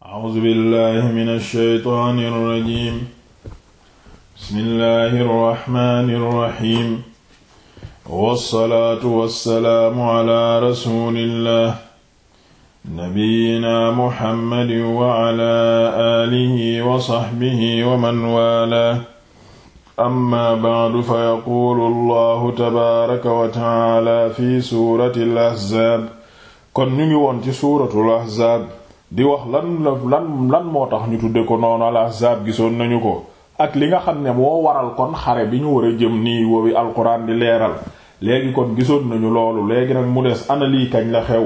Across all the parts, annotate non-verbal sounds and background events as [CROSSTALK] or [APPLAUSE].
A'uuzu billaahi mina shaytaani rajiim. Bismillaahi rahmaani rahiim. Wassalaatu wassalaamu alaa rasuulillaah. Nabiyyinaa Muhammadin wa alaa aalihi wa sahbihi wa man waalaah. Ammaa ba'du fa yaquulu Allaahu tabaaraka wa ta'aalaa fi suuratil ahzaab. Kon ñu ngi woon ci suuratul ahzaab. di wax lan lan lan moo tax ñu tudde ko noonu al ahzaab gisoon nañu ko ak li nga xam ne moo waral kon xare bi ñu war a jëm nii woowi alquran di leeral léegi kon gisoon nañu loolu léegi nag mu des ana lii kañ la xew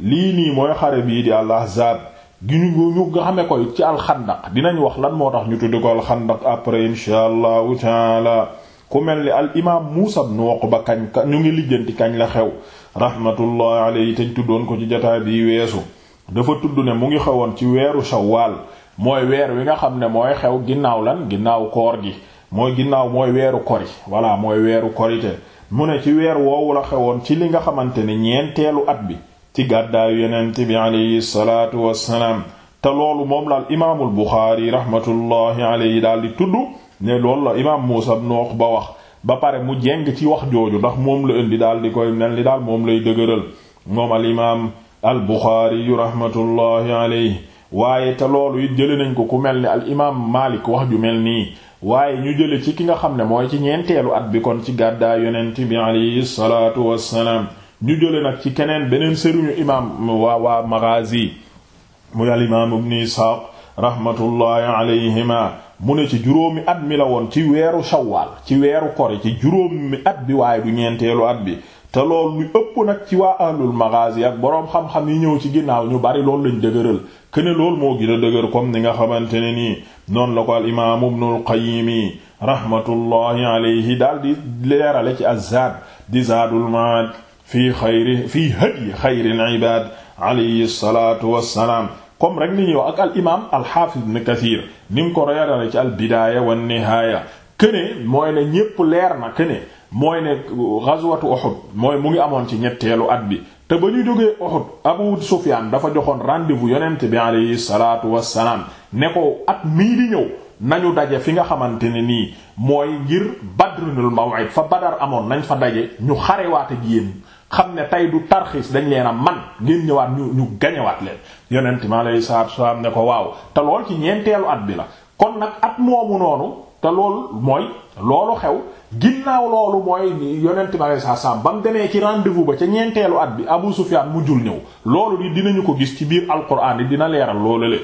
lii nii mooy xare bii di al ahzaab gi ñu ñu nga xame koy ci alxandaq dinañ wax lan moo tax ñu tudde ko alxandaq après insha allahu taala ku mel ni al imaam Muusa ibn ba kañ ñu ngi lijjanti kañ la xew rahmatullahi alayhi te ñu tuddoon ko ci jotaay bi weesu dafa tudd ne mu ngi xewoon ci weeru shawaal mooy weer wi nga xam ne mooy xew ginnaaw lan ginnaaw koor gi mooy ginnaaw mooy weeru kori walla mooy weeru korite mu ne ci weer woowu la xewoon ci li nga xamante ne ñeenteelu at bi ci gàddaayu yonent bi aleyhi salaatu wassalaam te loolu moom laal imaamul buxaari rahmatullahi aleyhi daal di tudd ne lool la imaam muusa ibn ba wax ba pare mu jeng ci wax jooju ndax moom la indi daal di koy mel ni daal moom lay dëgëral al-Buxaari rahmatullahi alayhi waaye te loolu it jële nañ ko ku mel ni al imaam Maalik wax ju mel nii waaye ñu jële ci ki nga xam ne mooy ci ñeenteelu at bi kon ci gàddaay yonent bi alayhi salaatu wassalaam ñu jële nag ci keneen beneen sëriñu imaam waa waa Magaazi muy al imaam ibn Isxaaq rahmatullahi mu ne ci juróomi at mi la woon ci weeru Shawwaal ci weeru kori ci juróomi at bi waaye du ñeenteelu at bi te loolu lu ëpp nag ci waa ahlul maghazi ak boroom xam-xam yi ñëw ci ginnaaw ñu bari loolu lañ dëgëral këne loolu moo gën a dëgër comme ni nga xamante ne nii noonu la ko al imaam ibnul qayyim rahmatullahi alayhi daal di leerale ci azad di zaadul maad fii xayri fii hadyi xayril ibaad alayhi salaatu wassalaam comme rek ni ñuy ak al imaam al xaafiz nim kathir ni mu ci al bidaaya wan nihaaya këne mooy ne ñépp leer na këne mooy ne ghazwatu Uhud mooy mu ngi amoon ci ñetteelu at bi te ba ñu jógee Uhud Abu Sufyaan dafa joxoon rendez-vous yonent bi alayhi salaatu wassalaam ne ko at mii di ñëw nañu daje fi nga xamante ne nii mooy ngir badrinul maw'id fa badar amoon nañ fa daje ñu xarewaat ak xam ne tey du tarxiis dañ leen a man ngeen ñu ñu gañewaat leen yonent mi ne ko waaw te lool ci ñeenteelu at bi la kon nag at moomu noonu te lool mooy loolu xew ginnaaw loolu mooy ni yonent ba saa saam mu demee ci rendez-vous ba ca ñeenteelu at bi Abu Sufyaan mujjul ñëw loolu di dinañu ko gis ci biir alquran yi dina leeral loolu le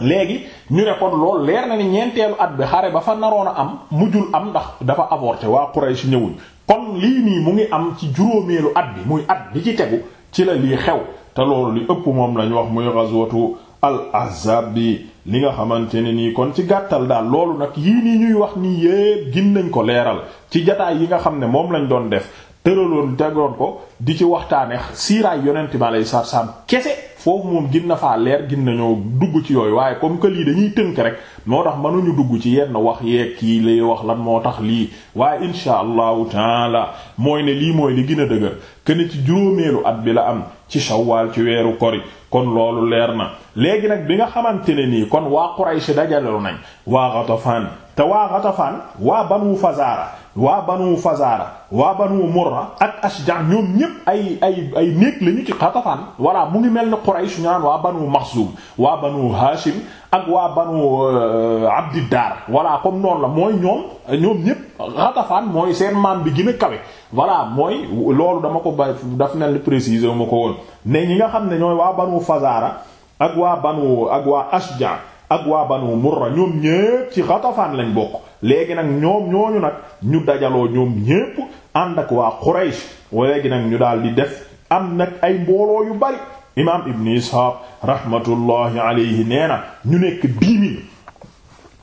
léegi ñu ne kon loolu leer na ni ñeenteelu at bi xare ba fa naroon a am mujjul am ndax dafa avorté waa Quraysh ñëwuñ kon lii nii mu ngi am ci juróomeelu at bi muy at bi ci tegu ci la lii xew te loolu li ëpp moom lañu wax muy ghazwatu al ahzab bi li nga xamante ne nii kon ci gàttal daal loolu nag yii nii ñuy wax nii yépp gin nañ ko leeral ci jataay yi nga xam ne moom lañ doon def tëraloon tegoon ko di ci waxtaane siiraay yonent bi alayhi salaatu salaam kese foofu moom gin na faa leer gin nañoo dugg ci yooyu waaye comme que lii dañuy tënk rek moo tax mënuñu dugg ci yenn wax yeeg kii lay wax lan moo tax lii waaye insha allahu taala mooy ne lii mooy li gën a dëgër ken ci juróomeelu at bi la am ci shawaal ci weeru kori kon loolu leer na léegi nag bi nga xamante ne nii kon waa Quraysh dajaleelu nañ waa Ghatafan te waa Ghatafan waa Banu Fazara waa Banu Fazara waa Banu Murra ak Ashja ñoom ñépp ay ay ay néeg lañu ci Ghatafan voilà mu ngi mel ni Quraysh ñu naan waa Banu Maxzum waa Banu Hashim ak waa Banu euh, Abdiddar voilà comme noonu la mooy ñoom ñoom ñépp Ghatafan mooy seen maam bi gën a kawe voilà mooy loolu dama ko bay daf na le préciser ma ko woon ne ñi nga xam ne ñooy waa banu Fazara ak waa banu ak waa Ashja ak waa banu Murra ñoom ñépp ci Ghatafan lañ bokk léegi nag ñoom ñooñu nag ñu dajaloo ñoom ñépp ànd ak waa Quraysh léegi nag ñu daal di def am nag ay mbooloo yu bari imaam Ibn Ishaq rahmatullahi alayhi nee na ñu nekk 10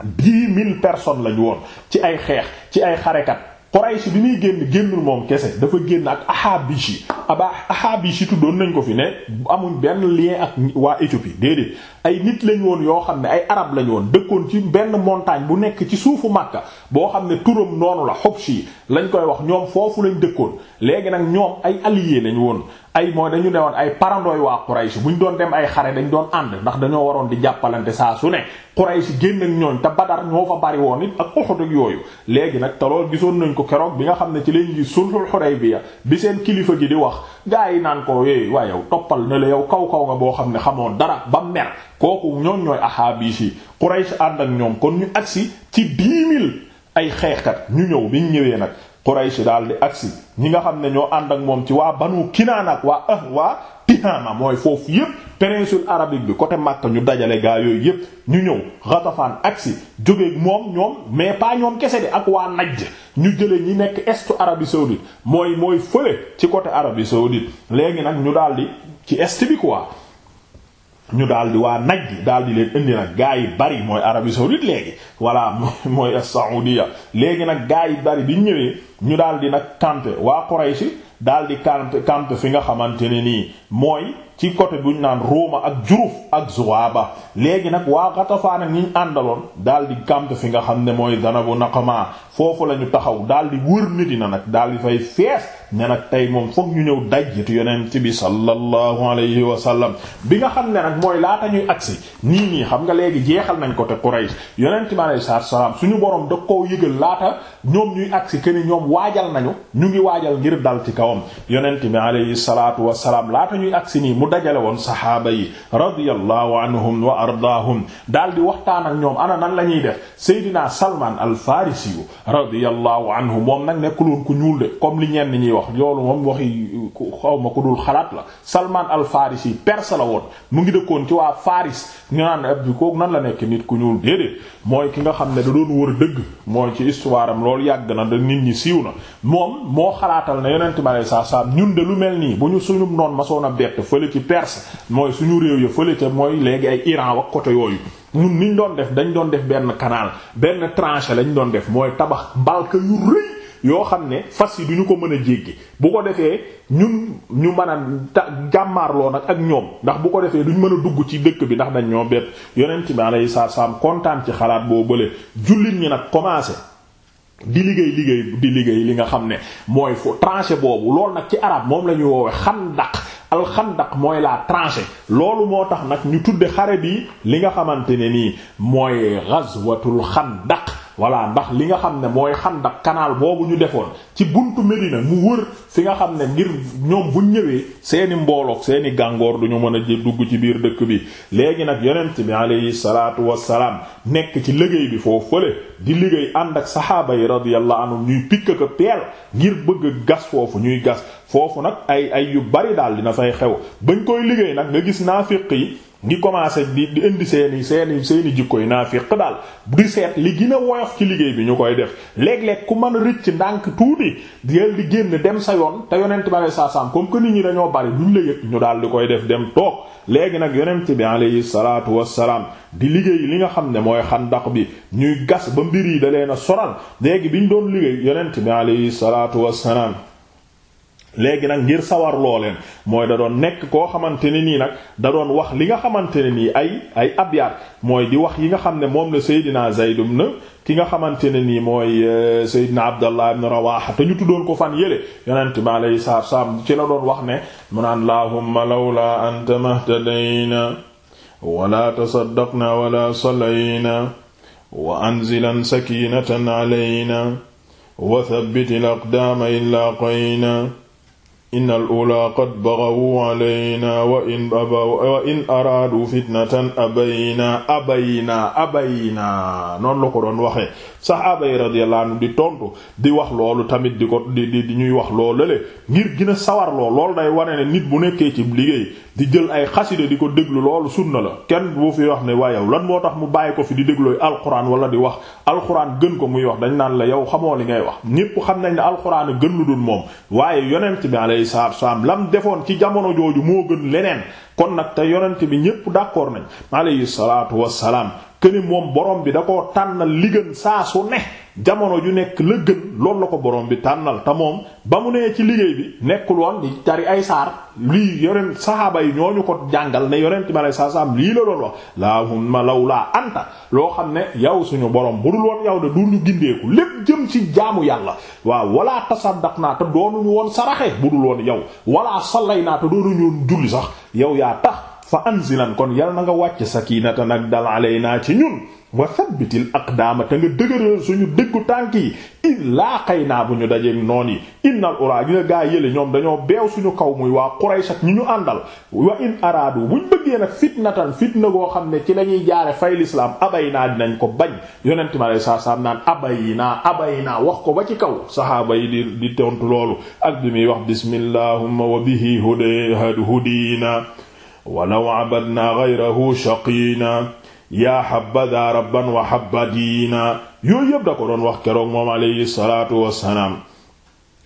dix mille personnes lañu woon ci ay xeex ci ay xarekat Quraysh bi muy génn génnul moom kese dafa génn ak Ahabishi aba Ahabishi tuddoon nañ ko fi ne amuñ benn lien ak waa Éthiopie déedéet ay nit lañ woon yoo xam ne ay arab lañu woon dëkkoon ci benn montagne bu nekk ci suufu Makka boo xam ne turam noonu la sii lañ koy wax ñoom foofu lañ dëkkoon léegi nag ñoom ay alliés lañ woon ay mooy dañu ne woon ay parandooy waa bu ñu doon dem ay xare dañ doon ànd ndax dañoo waroon di jàppalante saa su ne Quraysh génn ak te Badar ñoo fa bari woon it ak Uhud ak yooyu léegi nag te lool gisoon nañ ko keroog bi nga xam ne ci lañ gi sulhul Hudaybiya bi seen kilifa gi di wax gaa yi naan ko waa yow toppal ne la yow kaw kaw nga boo xam ne xamoon dara ba mer kooku ñoom ñooy ahaabish yi Quraysh ànd ak ñoom kon ñu agsi ci 10 000 ay xeexkat ñu ñëw bi ñu ñëwee nag Quraysh daal di agsi ñi nga xam ne ñoo ànd ak moom ci waa Banu kinaan ak waa ah waa Tihaama mooy foofu yépp péninsule arabique bi côté Makka ñu dajale gaa yooyu yëpp ñu ñëw Ghatafaan agsi jóge moom ñoom mais pas ñoom kese de ak waa Najd ñu jële ñi nekk estu Arabie saoudite mooy mooy fële ci côté Arabie saoudite léegi nag ñu daal di ci est bi quoi ñu daal di waa Najd daal di leen indi nag gaa yi bari mooy Arabie saoudite léegi voilà [LAUGHS] mooy as-Saoudia léegi nag gaa yi bari bi ñëwee ñu daal di nag campé waa Quraysh daal di campé campé fi nga xamante ne nii mooy ci côté bu ñu naan Roma ak Juruf ak ba léegi nag waa Ghatafaan ak ñi ñu àndaloon daal di gàmp fi nga xam ne mooy Danabu Naqama foofu la ñu taxaw daal di wër na nag daal di fay fees ne nag tey moom foog ñu ñëw dajjatu yonent bi sallallahu alayhi wa sallam bi nga xam ne nag mooy laata ñuy agsi nii nii xam nga léegi jeexal nañ ko te Quraysh yonent bi alayhi salaam suñu boroom da koo yëgal laata ñoom ñuy agsi kenn ñoom waajal nañu ñu ngi waajal ngir dal ci kawam yonent bi alayhi salaatu wa salaam laata ñuy agsi nii dajale woon saxaaba yi radiyallahu anhum wa ardaahum daal di waxtaan ak ñoom ana nan la ñuy def Seydina Salman al-Farisi yu radiyallahu anhu moom nag nekkuloon ku ñuul de comme li ñenn ñuy wax loolu moom waxi xaw ma ko dul xalaat la Salman al-Farisi perse la woon mu ngi dëkkoon ci waa Faris ñu naan ab bi kooku nan la nekk nit ku ñuul déedéet mooy ki nga xam ne da doon war dëgg mooy ci histoire am loolu yàgg na da nit ñi siiw na moom moo xalaatal ne a Perse mooy suñu réew ya fële ca mooy léegi ay Iran wa côté yooyu ñun niñ doon def dañ doon def benn canal benn tranchée lañ doon def mooy tabax balka yoo xam ne fas yi du ko mën a jéggi bu ko defee ñun ñu mën a ta jàmmaarloo nag ak ñoom ndax bu ko defee duñ mën a dugg ci dëkk bi ndax dañ ñoo bett yonent bi alayhi salaam kontaan ci xalaat boo bële jullit ñi nag commencé di liggéey liggéey di liggéey li nga xam ne mooy fu boobu lool nag ci arab moom la ñuy woowe xandaq alxandaq mooy laa tranchée loolu moo tax nag ñu tudde xare bii li nga xamante ne nii mooy ghazwatul xandaq voilà ndax li nga xam ne mooy xandak kanaal boobu ñu defoon ci buntu Medina mu wër fi nga xam ne ngir ñoom buñ ñëwee seeni mbooloog seeni gàngoor duñu mën a dugg ci biir dëkk bi léegi nag yonent bi alayhi salaatu wassalaam nekk ci liggéey bi foo fële di liggéey ànd ak saxaaba yi radiyallahu anhum ñuy pikk ko peel ngir bëgg gas foofu ñuy gas foofu nag ay ay yu bari daal dina fay xew bañ koy liggéey nag nga gis naafiq yi di commencé di indi seeni seeni seeni jikko yi naafiq daal di seet li gina a woyof ci liggéey bi ñu koy def léeg-léeg ku mën a rëcc ndànk tuuti deel di génn dem sa yoon te yonent bi alayhi salaam comme que nit ñi dañoo bari duñ la yëg ñu daal di koy def dem toog léegi nag yonent bi alayhi salaatu salaam di liggéey li nga xam ne mooy xandax bi ñuy gas ba mbir yi da leen a soral léegi ñu doon liggéey yonent bi alayhi salaatu wassalaam léegi nag ngir sawar loo mooy da doon nekk koo xamante ne nii nag da doon wax li nga xamante ne nii ay ay abyaat mooy di wax yi nga xam ne moom la Seydina Zayd ibn ki nga xamante ne nii mooy euh, Seydina Abdallah ibn Rawaha te ñu tuddoon ko fan yële yonent bi alayhi salaatu salaam ci la doon wax ne mu naan allahumma lawla anta mahtadayna wala tasaddaqna wala sallayna wa anzilan sakinatan alayna wa thabbit al aqdama inna al-ulaa qad baghawuu alaynaa wa in abaw wa in araaduu fitnatan abaynaa abaynaa abaynaa noonu la ko doon waxee sax yi radiyallahu anhu di tontu di wax loolu tamit di ko di di ñuy wax loolu le ngir gën a sawarloo loolu day wane ne nit bu nekkee ci liggéey di jël ay xasida di ko déglu loolu sunna la kenn bu fi wax ne waa yow lan moo tax mu bàyyi ko fi di déglooy alxuraan wala di wax alxuraan gën ko muy wax dañ naan la yow xamoo li ngay wax ñépp xam nañ ne alxuraan gën lu dul moom waaye yonent bi alayhi salaatu wassalaam lam defoon ci jamono jooju moo gën leneen kon nag te yonent bi ñépp d'accord nañ alayhi salaatu wassalaam këne moom borom bi da koo tànnal li gën saa su ne jamono ju nekk la gën loolu la ko borom bi tànnal te moom ba mu nee ci liggéey bi nekkul woon di tari ay saar lii yonent saxaaba yi ñoo ñu ko jàngal ne yonent ma lay saasaam lii la doon wax lahumma lawlaa anta loo xam ne yow suñu borom bu dul woon yow de du ñu gindeeku lépp jëm ci jaamu yàlla waaw wala tasaddaqnaa te doonuñu woon saraxe bu dul woon yow wala sallaynaa te doonuñu woon julli sax yow yaa fa anzilan kon yal na nga wàcc sakiinatan ak dal alaynaa ci ñun wa thabbitil aqdaama te nga dëgëral suñu dëggu tànk yi in naa bu ñu dajeeg noon yi innal ura gi nga gaa yële ñoom dañoo beew suñu kaw muy waa Quraysh ak ñi ñu àndal wa in araadu buñ bëggee nag fitnatan fitna goo xam ne ci lañuy jaare fay lislaam abay naa dinañ ko bañ yonent ma lay saa naan abay naa wax ko ba ci kaw saxaaba yi di di tontu loolu ak bi muy wax bismillaahumma wa walaw abadna gayrahu shaqiina yaa habada rabban wa habadiina yooyu yëpp da ko doon wax keroog moom alayhi salaatu wassalaam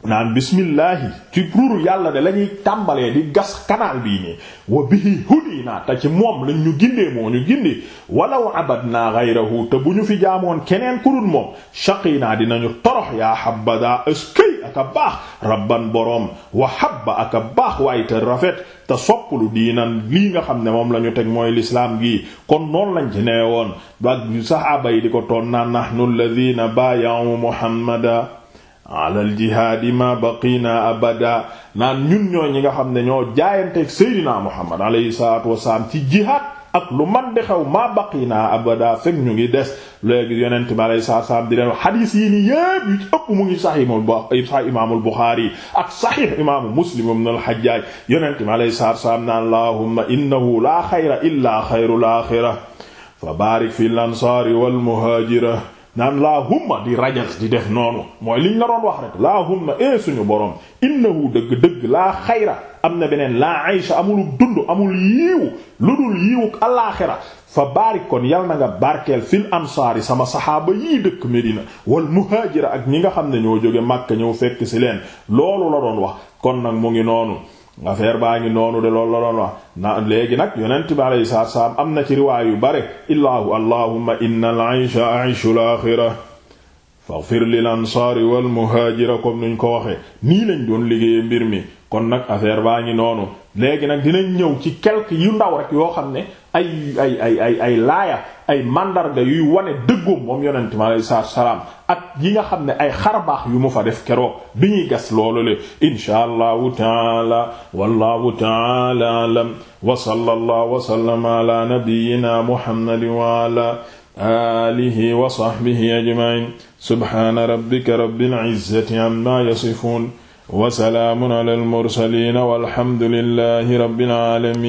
naan bismillahi ci ruru yàlla de lañuy tàmbalee di gas kanaal bii nii wa bihi hudina te ci moom lañ ñu gindee moo ñu gindi walaw abadna ghayrahu te bu ñu fi jaamoon keneen ku dul moom shaqina dinañu torox yaa habada eskey aka baax rabban boroom wa habba aka baax waaye te rafet te sopplu diinan lii nga xam ne moom la ñu teg mooy lislaam gi kon noonu lañ ci nee woon ba sahaaba yi di ko toon naan nahnu alladhina baaya'u muhammada alal jihaadi ma baqina abada naan ñun ñoo ñi nga xam ne ñoo jaayanteeg seydina muhammad alayhi salaatu wasalaam ci jihaad ak lu man di xew ma baqina abada fekk ñu ngi des léegi yonent bi alayhi salaatu wasalaam di leen xadiis yi nii yépp yu ci ëpp mu ngi sax imaamul buxaari ak saxiix imaamu muslim ibn al-hajjaaj yonent bi alayhi salaatu wasalaam naan allahumma innahu laa xayra illaa xayrul aaxira fa baarik fil ansaari wal muhaajira naan laa humma di rajas di def noonu mooy liñ la doon wax rek laa humma ee eh, suñu borom wu dëgg-dëgg laa xayra am na beneen laa aysa amuluk dund amul yiiwu lu dul yiiwuk alaaxira fa baarik kon yal na nga barkeel fil ansaari sama saxaaba yii dëkk Medina wal muhaajira ak ñi nga xam ne ñoo jóge Makka ñëw fekk ci leen loolu la doon wax kon nag mu ngi noonu affaire baa ngi noonu de loolu la na léegi nag yonent bi alayhi salaatu salaam am na ci riwaay yu bare illaahu allahumma innal aysha ayshul aaxira faghfir lil ansaari wal muhaajira comme nuñ ko waxee nii lañ doon liggéey mbir mi kon nag affaire baa ngi noonu léegi nag dinañ ñëw ci quelques yu ndaw rek yoo xam ne ay ay ay ay ay laaya ay màndarga yuy wane dëggoom moom yonent mi alayhi salaatu salaam ak yi nga xam ne ay xarbaax yu mu fa def keroog bi ñuy gas loolu le insha allahu taala wallahu taala alam wa sallallahu wa sallama ala nabiyyina muhammadin wa ala alihi wa sahbihi ajma'in subhana rabbika rabbil izzati amma yasifun wa salaamun ala al mursalin walhamdulillahi rabbil alamin